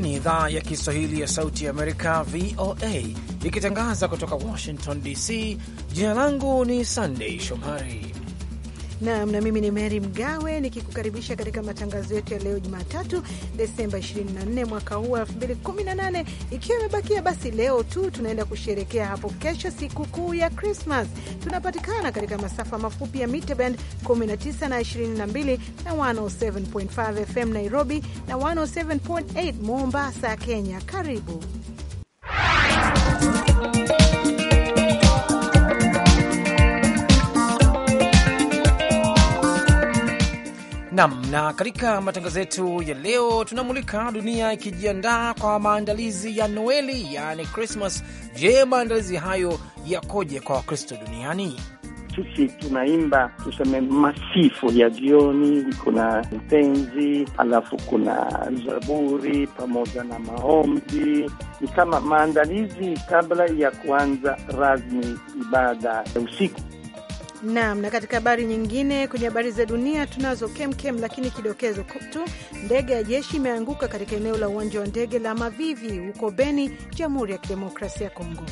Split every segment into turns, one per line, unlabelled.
ni idhaa ya Kiswahili ya Sauti ya Amerika, VOA, ikitangaza kutoka Washington DC. Jina langu ni Sandei Shomari
Nam na mimi ni Mary Mgawe nikikukaribisha katika matangazo yetu ya leo Jumatatu, Desemba 24 mwaka huu wa 2018. Ikiwa imebakia basi, leo tu tunaenda kusherekea hapo kesho sikukuu ya Krismas. Tunapatikana katika masafa mafupi ya mita band 19 na 22 na 107.5 FM Nairobi na 107.8 Mombasa, Kenya. Karibu
nam. Na katika matangazo yetu ya leo tunamulika dunia ikijiandaa kwa maandalizi ya Noeli, yaani Krismas. Je, maandalizi hayo yakoje kwa Wakristo
duniani? Sisi tunaimba tuseme masifu ya jioni, kuna mpenzi, alafu kuna zaburi pamoja na maombi. Ni kama maandalizi kabla ya kuanza rasmi ibada ya usiku.
Naam, na katika habari nyingine, kwenye habari za dunia tunazo kemkem, lakini kidokezo tu. Ndege ya jeshi imeanguka katika eneo la uwanja wa ndege la Mavivi huko Beni, Jamhuri ya Kidemokrasia ya Kongo.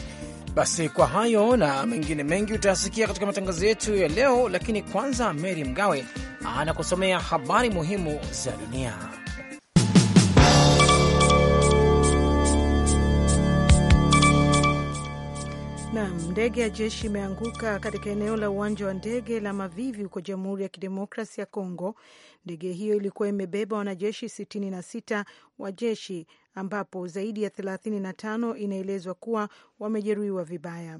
Basi kwa hayo na mengine mengi utayasikia katika matangazo yetu ya leo, lakini kwanza, Meri Mgawe anakusomea habari muhimu za dunia.
Nam, ndege ya jeshi imeanguka katika eneo la uwanja wa ndege la Mavivi huko Jamhuri ya Kidemokrasi ya congo Ndege hiyo ilikuwa imebeba wanajeshi 66 wa jeshi ambapo zaidi ya 35 inaelezwa kuwa wamejeruhiwa vibaya.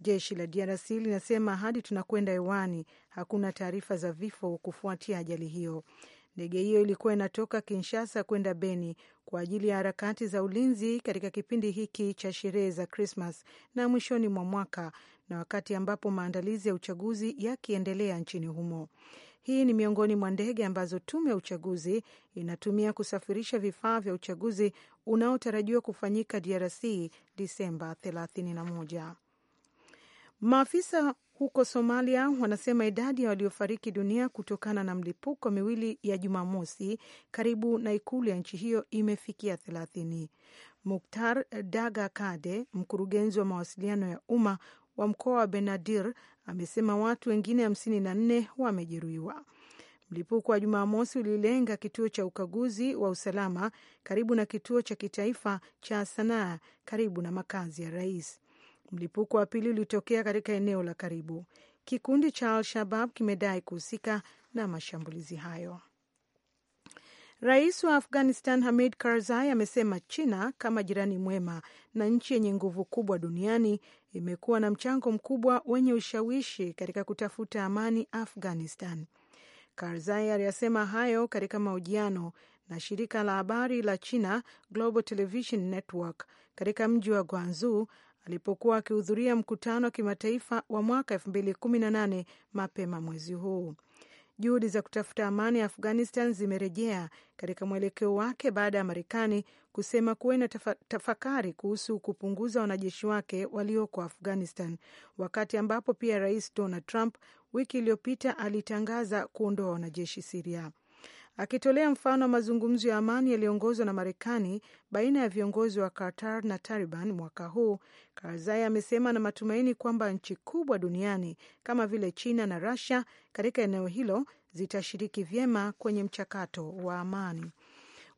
Jeshi la DRC linasema hadi tunakwenda hewani, hakuna taarifa za vifo kufuatia ajali hiyo. Ndege hiyo ilikuwa inatoka Kinshasa kwenda Beni kwa ajili ya harakati za ulinzi katika kipindi hiki cha sherehe za Krismas na mwishoni mwa mwaka na wakati ambapo maandalizi ya uchaguzi yakiendelea nchini humo. Hii ni miongoni mwa ndege ambazo tume ya uchaguzi inatumia kusafirisha vifaa vya uchaguzi unaotarajiwa kufanyika DRC Disemba 31. Maafisa huko Somalia wanasema idadi ya waliofariki dunia kutokana na mlipuko miwili ya Jumamosi karibu na ikulu ya nchi hiyo imefikia thelathini. Muktar Daga Kade, mkurugenzi wa mawasiliano ya umma wa mkoa wa Benadir, amesema watu wengine hamsini na nne wamejeruhiwa. Mlipuko wa Jumamosi ulilenga kituo cha ukaguzi wa usalama karibu na kituo cha kitaifa cha Sanaa karibu na makazi ya rais. Mlipuko wa pili ulitokea katika eneo la karibu. Kikundi cha Al-Shabab kimedai kuhusika na mashambulizi hayo. Rais wa Afghanistan Hamid Karzai amesema China kama jirani mwema na nchi yenye nguvu kubwa duniani imekuwa na mchango mkubwa wenye ushawishi katika kutafuta amani Afghanistan. Karzai aliyasema hayo katika mahojiano na shirika la habari la China Global Television Network katika mji wa Guangzhou alipokuwa akihudhuria mkutano wa kimataifa wa mwaka 2018 mapema mwezi huu. Juhudi za kutafuta amani ya Afghanistan zimerejea katika mwelekeo wake baada ya Marekani kusema kuwa ina tafakari kuhusu kupunguza wanajeshi wake walioko Afghanistan, wakati ambapo pia Rais Donald Trump wiki iliyopita alitangaza kuondoa wanajeshi Siria akitolea mfano wa mazungumzo ya amani yaliyoongozwa na Marekani baina ya viongozi wa Qatar na Taliban mwaka huu. Karzai amesema na matumaini kwamba nchi kubwa duniani kama vile China na rasia katika eneo hilo zitashiriki vyema kwenye mchakato wa amani.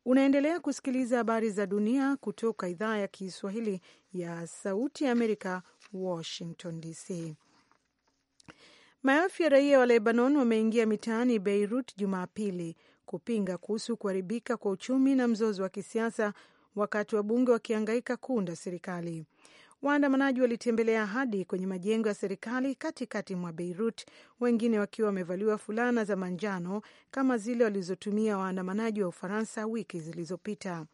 Unaendelea kusikiliza habari za dunia kutoka idhaa ya Kiswahili ya Sauti ya Amerika, Washington DC. Maelfu ya raia wa Lebanon wameingia mitaani Beirut Jumapili kupinga kuhusu kuharibika kwa uchumi na mzozo wa kisiasa, wakati wabunge wakihangaika kuunda serikali. Waandamanaji walitembelea hadi kwenye majengo ya serikali katikati mwa Beirut, wengine wakiwa wamevaliwa fulana za manjano kama zile walizotumia waandamanaji wa Ufaransa wiki zilizopita.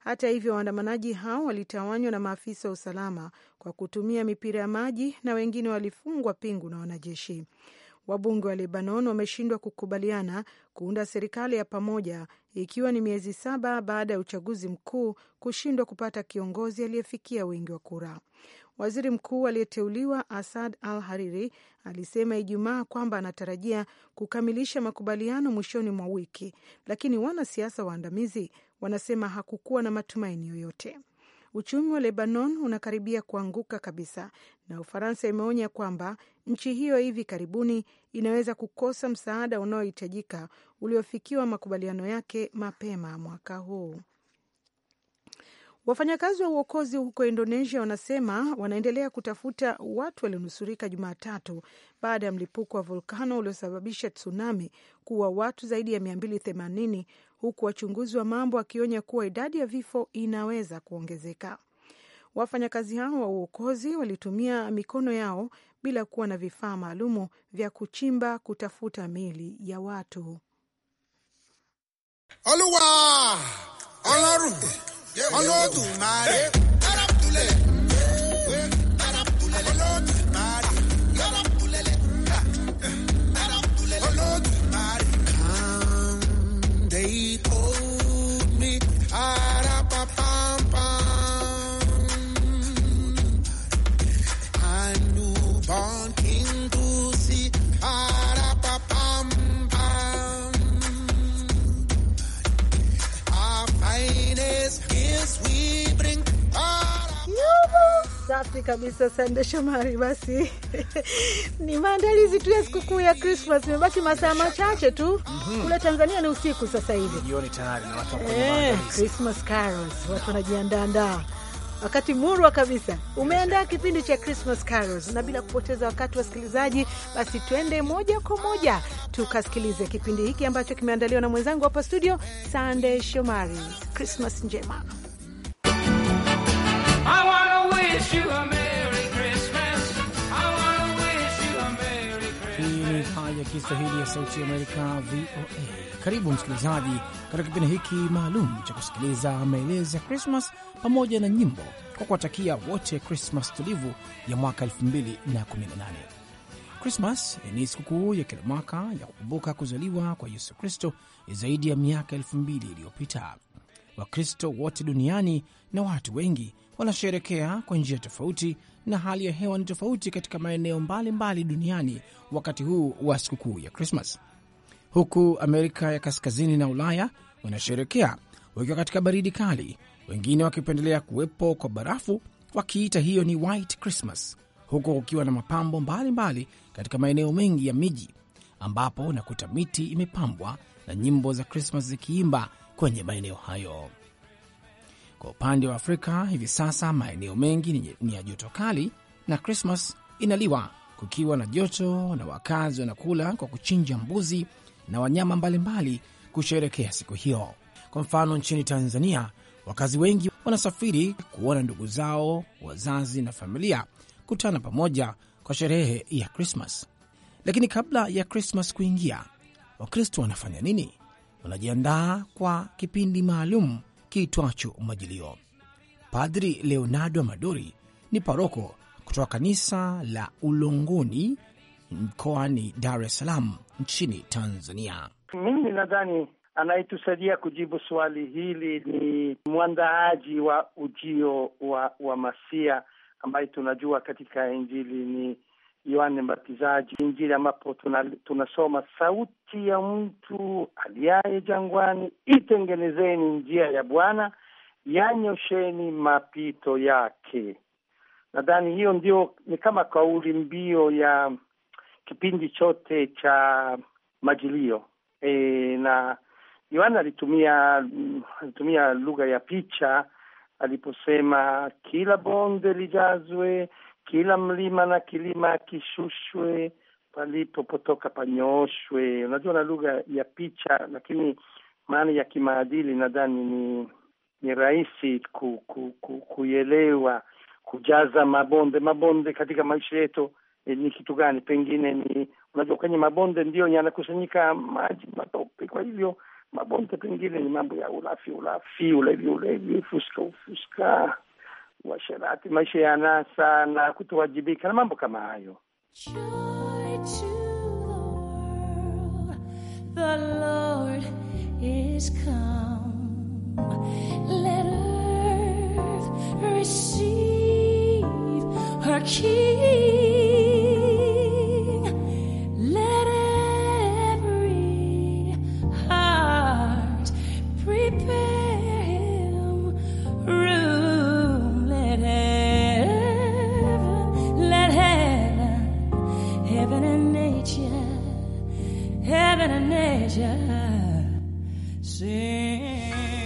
Hata hivyo, waandamanaji hao walitawanywa na maafisa wa usalama kwa kutumia mipira ya maji na wengine walifungwa pingu na wanajeshi wabunge wa Lebanon wameshindwa kukubaliana kuunda serikali ya pamoja ikiwa ni miezi saba baada ya uchaguzi mkuu kushindwa kupata kiongozi aliyefikia wingi wa kura. Waziri mkuu aliyeteuliwa Asad Al Hariri alisema Ijumaa kwamba anatarajia kukamilisha makubaliano mwishoni mwa wiki, lakini wanasiasa waandamizi wanasema hakukuwa na matumaini yoyote. Uchumi wa Lebanon unakaribia kuanguka kabisa, na Ufaransa imeonya kwamba nchi hiyo hivi karibuni inaweza kukosa msaada unaohitajika uliofikiwa makubaliano yake mapema mwaka huu. Wafanyakazi wa uokozi huko Indonesia wanasema wanaendelea kutafuta watu walionusurika Jumatatu baada ya mlipuko wa volkano uliosababisha tsunami kuwa watu zaidi ya 280 huku wachunguzi wa mambo wakionya kuwa idadi ya vifo inaweza kuongezeka. Wafanyakazi hao wa uokozi walitumia mikono yao bila kuwa na vifaa maalumu vya kuchimba kutafuta miili ya watu.
Oluwa, Ọlọ́run,
Olódùmarè.
Safi kabisa, sande Shomari. Basi ni maandalizi tu ya sikukuu ya Krismas, imebaki masaa machache tu. mm -hmm. Kule Tanzania ni usiku sasa hivi,
jioni tayari na watu eh,
Krismas carols, watu wanajiandaandaa wakati murwa kabisa. Umeandaa kipindi cha Christmas Carols, na bila kupoteza wakati, wasikilizaji, basi twende moja kwa moja tukasikilize kipindi hiki ambacho kimeandaliwa na mwenzangu hapa studio, Sandey Shomari. Christmas njema.
Kiswahili ya Sauti ya Amerika, VOA. Karibu msikilizaji katika kipindi hiki maalum cha kusikiliza maelezo ya Krismas pamoja na nyimbo kwa kuwatakia wote Krismas tulivu ya mwaka 2018. Krismas ni sikukuu ya kila mwaka ya kukumbuka kuzaliwa kwa Yesu Kristo zaidi ya miaka 2000 iliyopita. Wakristo wote duniani na watu wengi wanasherekea kwa njia tofauti na hali ya hewa ni tofauti katika maeneo mbalimbali duniani wakati huu wa sikukuu ya Krismas, huku Amerika ya Kaskazini na Ulaya wanasherekea wakiwa katika baridi kali, wengine wakipendelea kuwepo kwa barafu, wakiita hiyo ni White Christmas, huku kukiwa na mapambo mbalimbali mbali katika maeneo mengi ya miji ambapo nakuta miti imepambwa na nyimbo za Krismas zikiimba kwenye maeneo hayo. Kwa upande wa Afrika hivi sasa maeneo mengi ni ya joto kali na Krismas inaliwa kukiwa na joto, na wakazi wanakula kwa kuchinja mbuzi na wanyama mbalimbali kusherekea siku hiyo. Kwa mfano, nchini Tanzania wakazi wengi wanasafiri kuona ndugu zao, wazazi na familia kutana pamoja kwa sherehe ya Krismas. Lakini kabla ya Krismas kuingia, Wakristo wanafanya nini? Wanajiandaa kwa kipindi maalum kiitwacho Majilio. Padri Leonardo Madori ni paroko kutoka kanisa la Ulongoni mkoani Dar es Salaam nchini Tanzania.
Mimi nadhani anayetusaidia kujibu swali hili ni mwandaaji wa ujio wa, wa Masia ambaye tunajua katika Injili ni Yohane Mbatizaji. Injili ambapo tunasoma tuna sauti ya mtu aliaye jangwani, itengenezeni njia ya Bwana, yanyosheni mapito yake. Nadhani hiyo ndio ni kama kauli mbio ya kipindi chote cha Majilio. E, na Yohana alitumia alitumia lugha ya picha aliposema kila bonde lijazwe kila mlima na kilima kishushwe, palipopotoka panyooshwe. Unajua, na lugha ya picha, lakini maana ya kimaadili nadhani ni ni rahisi ku, ku, ku, kuielewa. Kujaza mabonde mabonde katika maisha yetu eh, ni kitu gani? Pengine ni unajua, kwenye mabonde ndiyo yanakusanyika maji, matope. Kwa hivyo mabonde pengine ni mambo ya ulafi, ulafi, ulevi, ulevi, fuska, ufuska washerati maisha ya nasa na kutowajibika na mambo kama hayo.
Receive her king. heaven and nature
sing.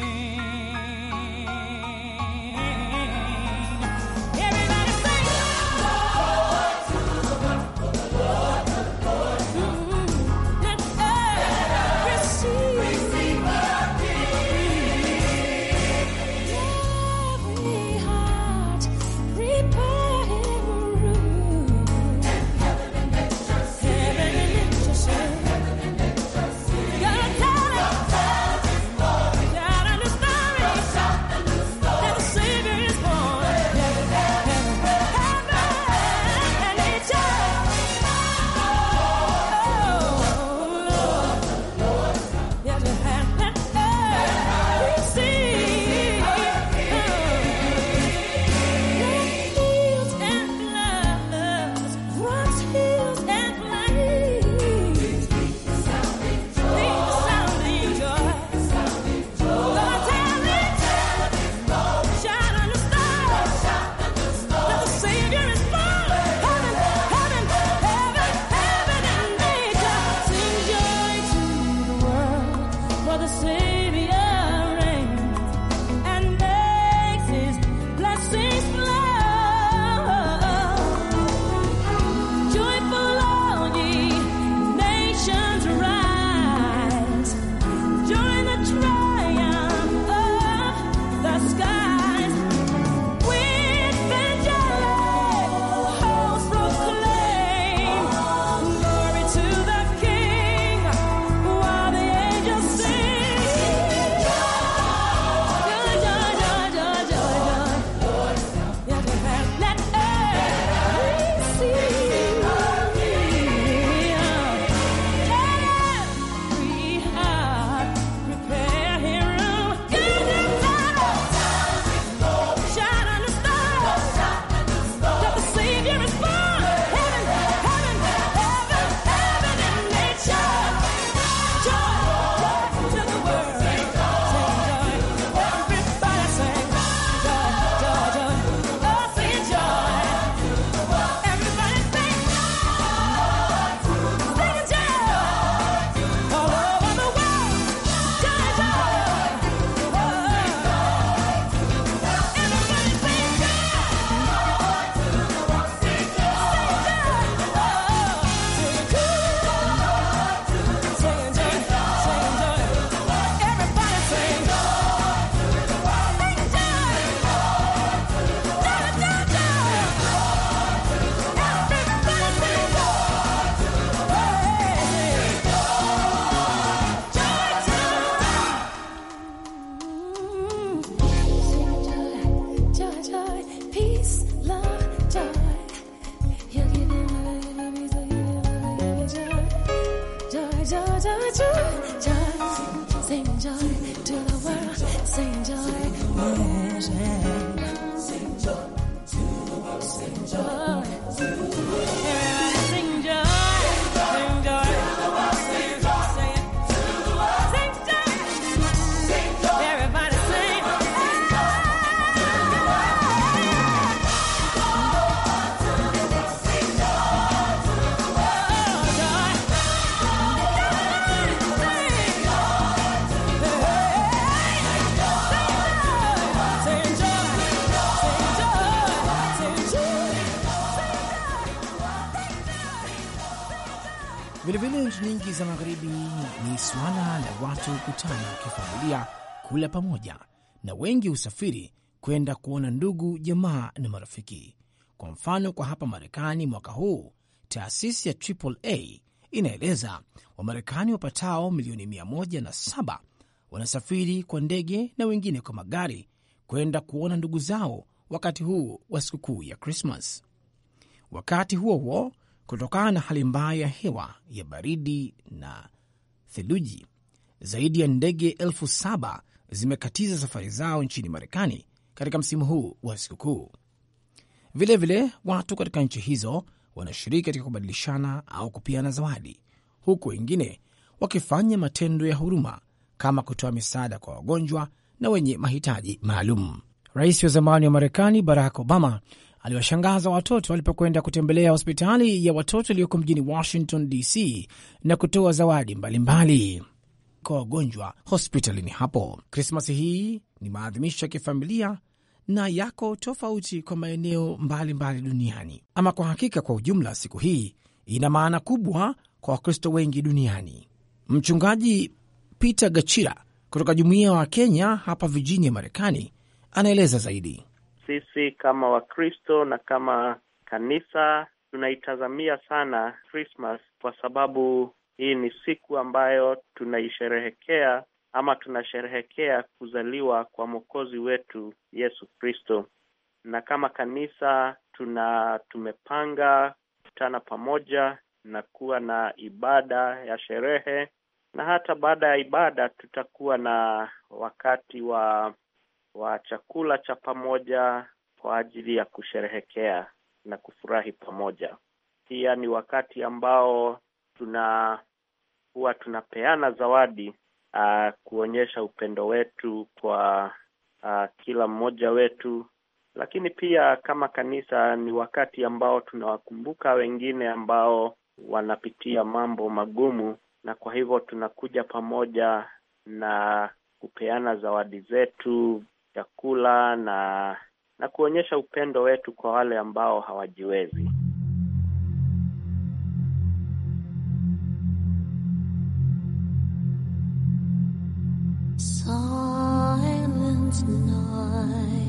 nyingi za magharibi ni suala la watu kukutana kifamilia, kula pamoja, na wengi husafiri kwenda kuona ndugu, jamaa na marafiki. Kwa mfano, kwa hapa Marekani mwaka huu taasisi ya AAA inaeleza Wamarekani wapatao milioni 17 wanasafiri kwa ndege na wengine kwa magari kwenda kuona ndugu zao wakati huu wa sikukuu ya Krismas. Wakati huo huo, kutokana na hali mbaya ya hewa ya baridi na theluji. Zaidi ya ndege elfu saba zimekatiza safari zao nchini Marekani katika msimu huu wa sikukuu. Vilevile, watu katika nchi hizo wanashiriki katika kubadilishana au kupiana zawadi, huku wengine wakifanya matendo ya huruma kama kutoa misaada kwa wagonjwa na wenye mahitaji maalum. Rais wa zamani wa Marekani Barack Obama aliwashangaza watoto walipokwenda kutembelea hospitali ya watoto iliyoko mjini Washington DC na kutoa zawadi mbalimbali kwa wagonjwa hospitalini hapo. Krismasi hii ni maadhimisho ya kifamilia na yako tofauti kwa maeneo mbalimbali duniani. Ama kwa hakika, kwa ujumla, siku hii ina maana kubwa kwa Wakristo wengi duniani. Mchungaji Peter Gachira kutoka jumuiya wa Kenya hapa Virginia, Marekani, anaeleza zaidi
sisi kama Wakristo na kama kanisa tunaitazamia sana Christmas kwa sababu hii ni siku ambayo tunaisherehekea ama tunasherehekea kuzaliwa kwa Mwokozi wetu Yesu Kristo. Na kama kanisa tuna tumepanga kutana pamoja na kuwa na ibada ya sherehe, na hata baada ya ibada tutakuwa na wakati wa wa chakula cha pamoja kwa ajili ya kusherehekea na kufurahi pamoja. Pia ni wakati ambao tuna huwa tunapeana zawadi uh, kuonyesha upendo wetu kwa uh, kila mmoja wetu, lakini pia kama kanisa ni wakati ambao tunawakumbuka wengine ambao wanapitia mambo magumu, na kwa hivyo tunakuja pamoja na kupeana zawadi zetu chakula na na kuonyesha upendo wetu kwa wale ambao hawajiwezi.
Silent night.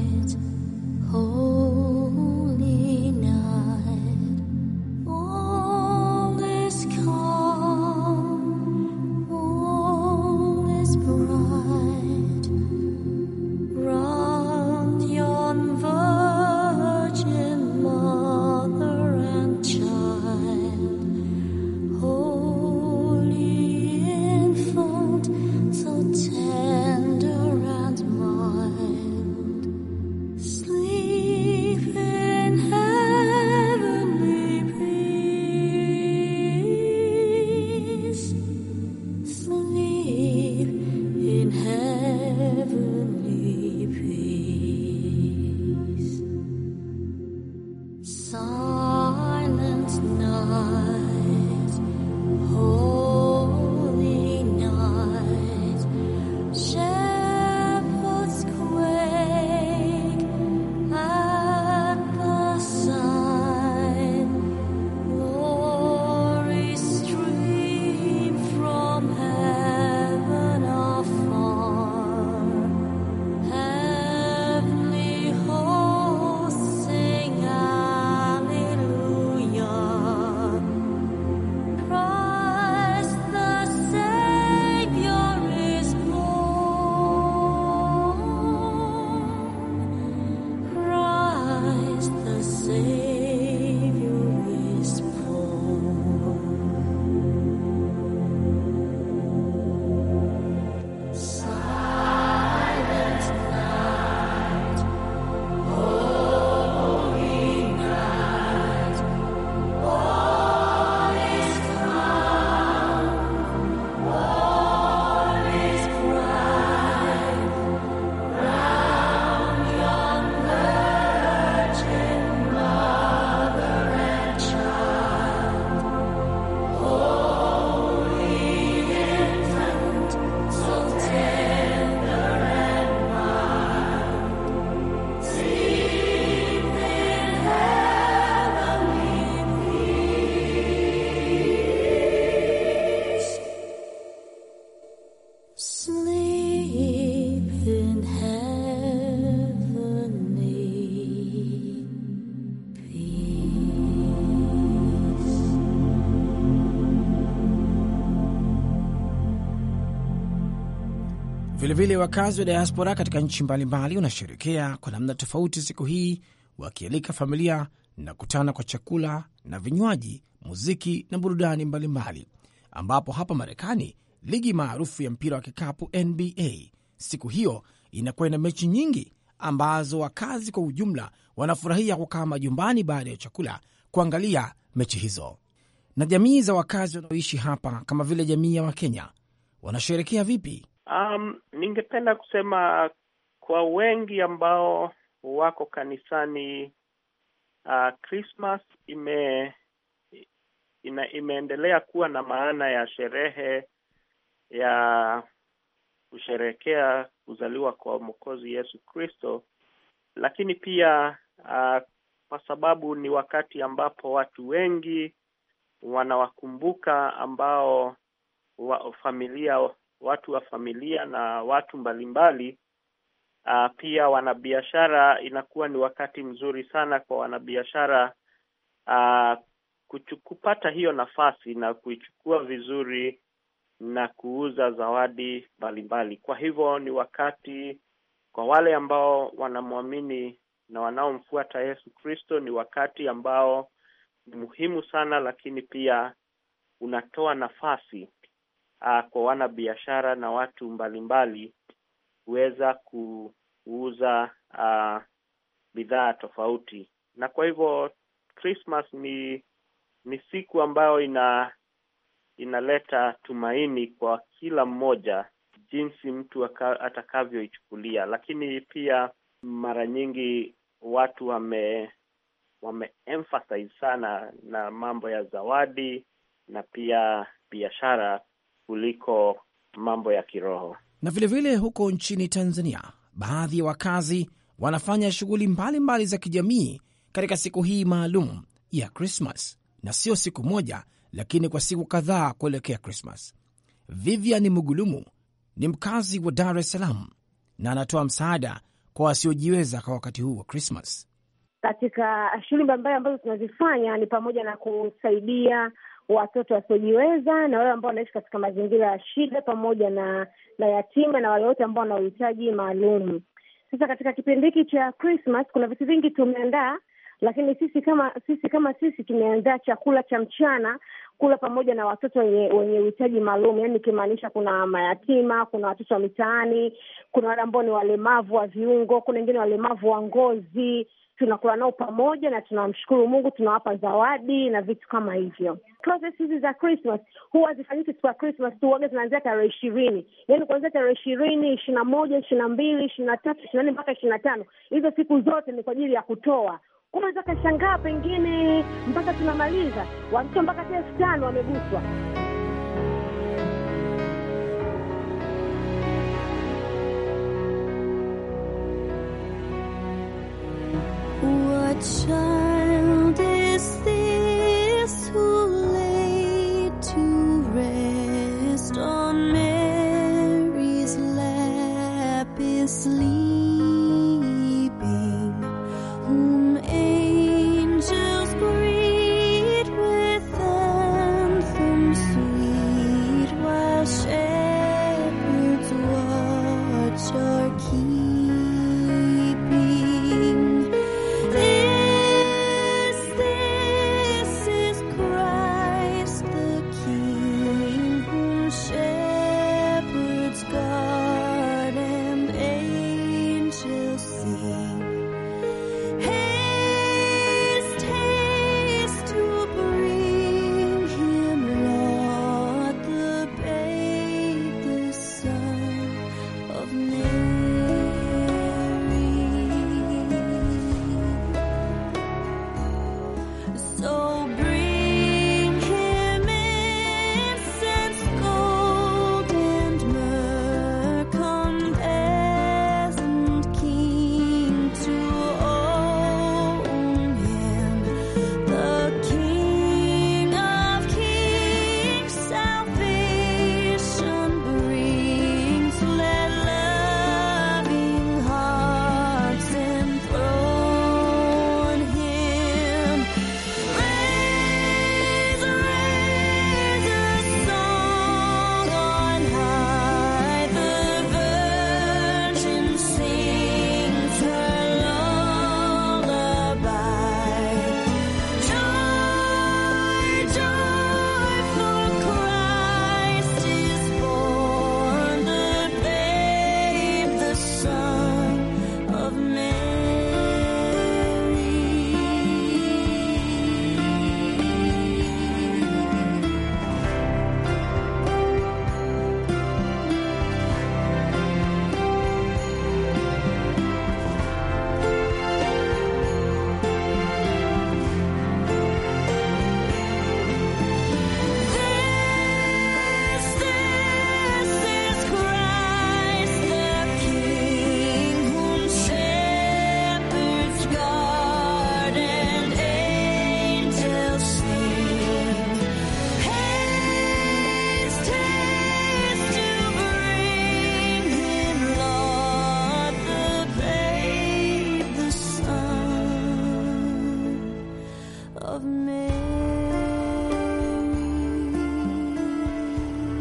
vile wakazi wa diaspora katika nchi mbalimbali wanasherekea kwa namna tofauti siku hii, wakialika familia na kutana kwa chakula na vinywaji, muziki na burudani mbalimbali, ambapo hapa Marekani ligi maarufu ya mpira wa kikapu NBA siku hiyo inakuwa ina mechi nyingi ambazo wakazi kwa ujumla wanafurahia kukaa majumbani baada ya chakula kuangalia mechi hizo. Na jamii za wakazi wanaoishi hapa kama vile jamii ya Wakenya wanasherekea vipi?
Um, ningependa kusema kwa wengi ambao wako kanisani uh, Christmas ime ina, imeendelea kuwa na maana ya sherehe ya kusherekea kuzaliwa kwa Mwokozi Yesu Kristo, lakini pia uh, kwa sababu ni wakati ambapo watu wengi wanawakumbuka ambao wa familia watu wa familia na watu mbalimbali mbali. Ah, pia wanabiashara, inakuwa ni wakati mzuri sana kwa wanabiashara ah, kupata hiyo nafasi na kuichukua vizuri na kuuza zawadi mbalimbali. Kwa hivyo ni wakati kwa wale ambao wanamwamini na wanaomfuata Yesu Kristo, ni wakati ambao ni muhimu sana, lakini pia unatoa nafasi uh, kwa wanabiashara na watu mbalimbali huweza kuuza uh, bidhaa tofauti, na kwa hivyo Christmas ni ni siku ambayo ina inaleta tumaini kwa kila mmoja jinsi mtu atakavyoichukulia, lakini pia mara nyingi watu wame wameemphasize sana na mambo ya zawadi na pia biashara kuliko mambo ya kiroho.
Na vilevile vile huko nchini Tanzania, baadhi ya wakazi wanafanya shughuli mbalimbali za kijamii katika siku hii maalum ya Krismas, na sio siku moja, lakini kwa siku kadhaa kuelekea Krismas. Vivian Mugulumu ni mkazi wa Dar es Salaam na anatoa msaada kwa wasiojiweza kwa wakati huu wa Krismas.
Katika shughuli mbalimbali ambazo tunazifanya ni pamoja na kusaidia watoto wasiojiweza na wale ambao wanaishi katika mazingira ya shida pamoja na na yatima na wale wote ambao wana uhitaji maalum. Sasa katika kipindi hiki cha Christmas kuna vitu vingi tumeandaa, lakini sisi kama sisi kama sisi tumeandaa chakula cha mchana kula pamoja na watoto wenye uhitaji maalum, yaani ikimaanisha kuna mayatima, kuna watoto wa mitaani, kuna wale ambao ni walemavu wa viungo, kuna wengine walemavu wa ngozi tunakuwa nao pamoja na tunamshukuru Mungu, tunawapa zawadi na vitu kama hivyo. Process hizi za Christmas huwa zifanyike siku ya Christmas tu, zinaanzia tarehe ishirini, yaani kuanzia tarehe ishirini, ishirini na moja, ishirini na mbili, ishirini na tatu, ishirini na nne mpaka ishirini na tano. Hizo siku zote ni kwa ajili ya kutoa Unaweza kashangaa pengine mpaka tunamaliza watoto mpaka elfu tano wameguswa.
child is this?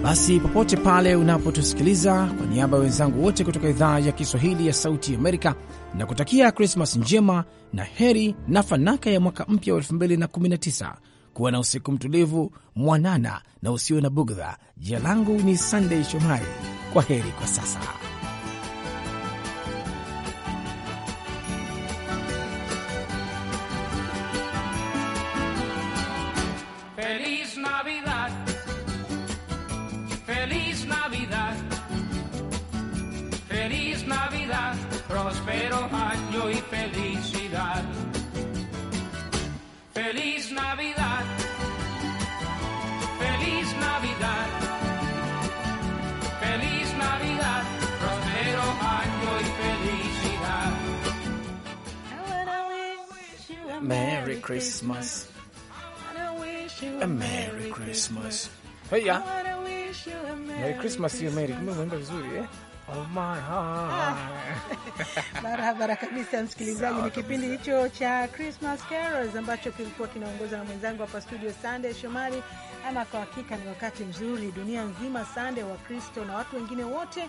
Basi popote pale unapotusikiliza, kwa niaba ya wenzangu wote kutoka idhaa ya Kiswahili ya Sauti Amerika na kutakia Krismas njema na heri na fanaka ya mwaka mpya wa 2019. Kuwa na usiku mtulivu, mwanana na usio na bugdha. Jina langu ni Sandey Shomari. Kwa heri kwa sasa.
Feliz Navidad. Feliz Navidad, feliz Navidad, próspero año y felicidad. Feliz Navidad, feliz Navidad, feliz Navidad, próspero año y felicidad. Merry
Christmas.
A Merry Christmas. Höja! Merry Christmas you Merry, kumbe umeimba
vizuri eh? Oh my ah.
barabara kabisa, msikilizaji. Ni kipindi hicho cha Christmas Carols ambacho kilikuwa kinaongozwa na mwenzangu hapa studio Sunday Shomari. Ama kwa hakika ni wakati mzuri dunia nzima, Sunday, Wakristo na watu wengine wote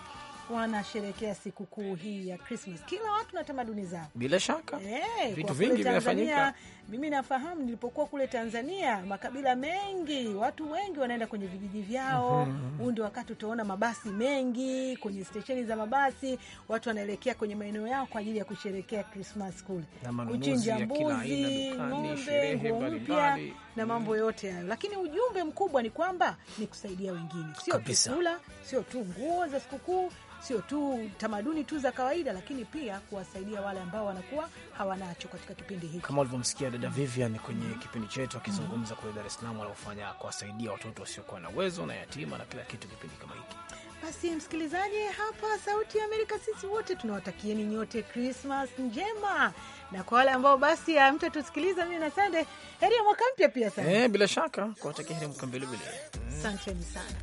wanasherekea sikukuu hii ya Krismas. Kila watu na tamaduni zao,
bila shaka
hey, eh, vitu vingi vinafanyika. Mimi nafahamu nilipokuwa kule Tanzania, makabila mengi, watu wengi wanaenda kwenye vijiji vyao. Mhm. Huu ndio wakati utaona mabasi mengi kwenye stesheni za mabasi, watu wanaelekea kwenye maeneo yao kwa ajili ya kusherekea Krismas kule,
kuchinja mbuzi, ng'ombe, nguo mpya
na mm. mambo yote hayo, lakini ujumbe mkubwa ni kwamba ni kusaidia wengine, sio tu kula, sio tu nguo za sikukuu sio tu tamaduni tu za kawaida, lakini pia kuwasaidia wale ambao wanakuwa hawanacho katika kipindi hiki,
kama ulivyomsikia dada mm. Vivian kwenye mm. kipindi chetu akizungumza kule Dar es Salaam, wanaofanya kuwasaidia watoto wasiokuwa na uwezo na yatima na kila kitu kipindi kama hiki.
Basi msikilizaji, hapa Sauti ya Amerika, sisi wote tunawatakieni nyote Krismas njema na kwa wale ambao basi atusikiliza ah, mimi na Sande, heri ya mwaka mpya pia sana. Eh, bila
shaka kuwatakia heri mwaka mbili vile.
Asanteni sana.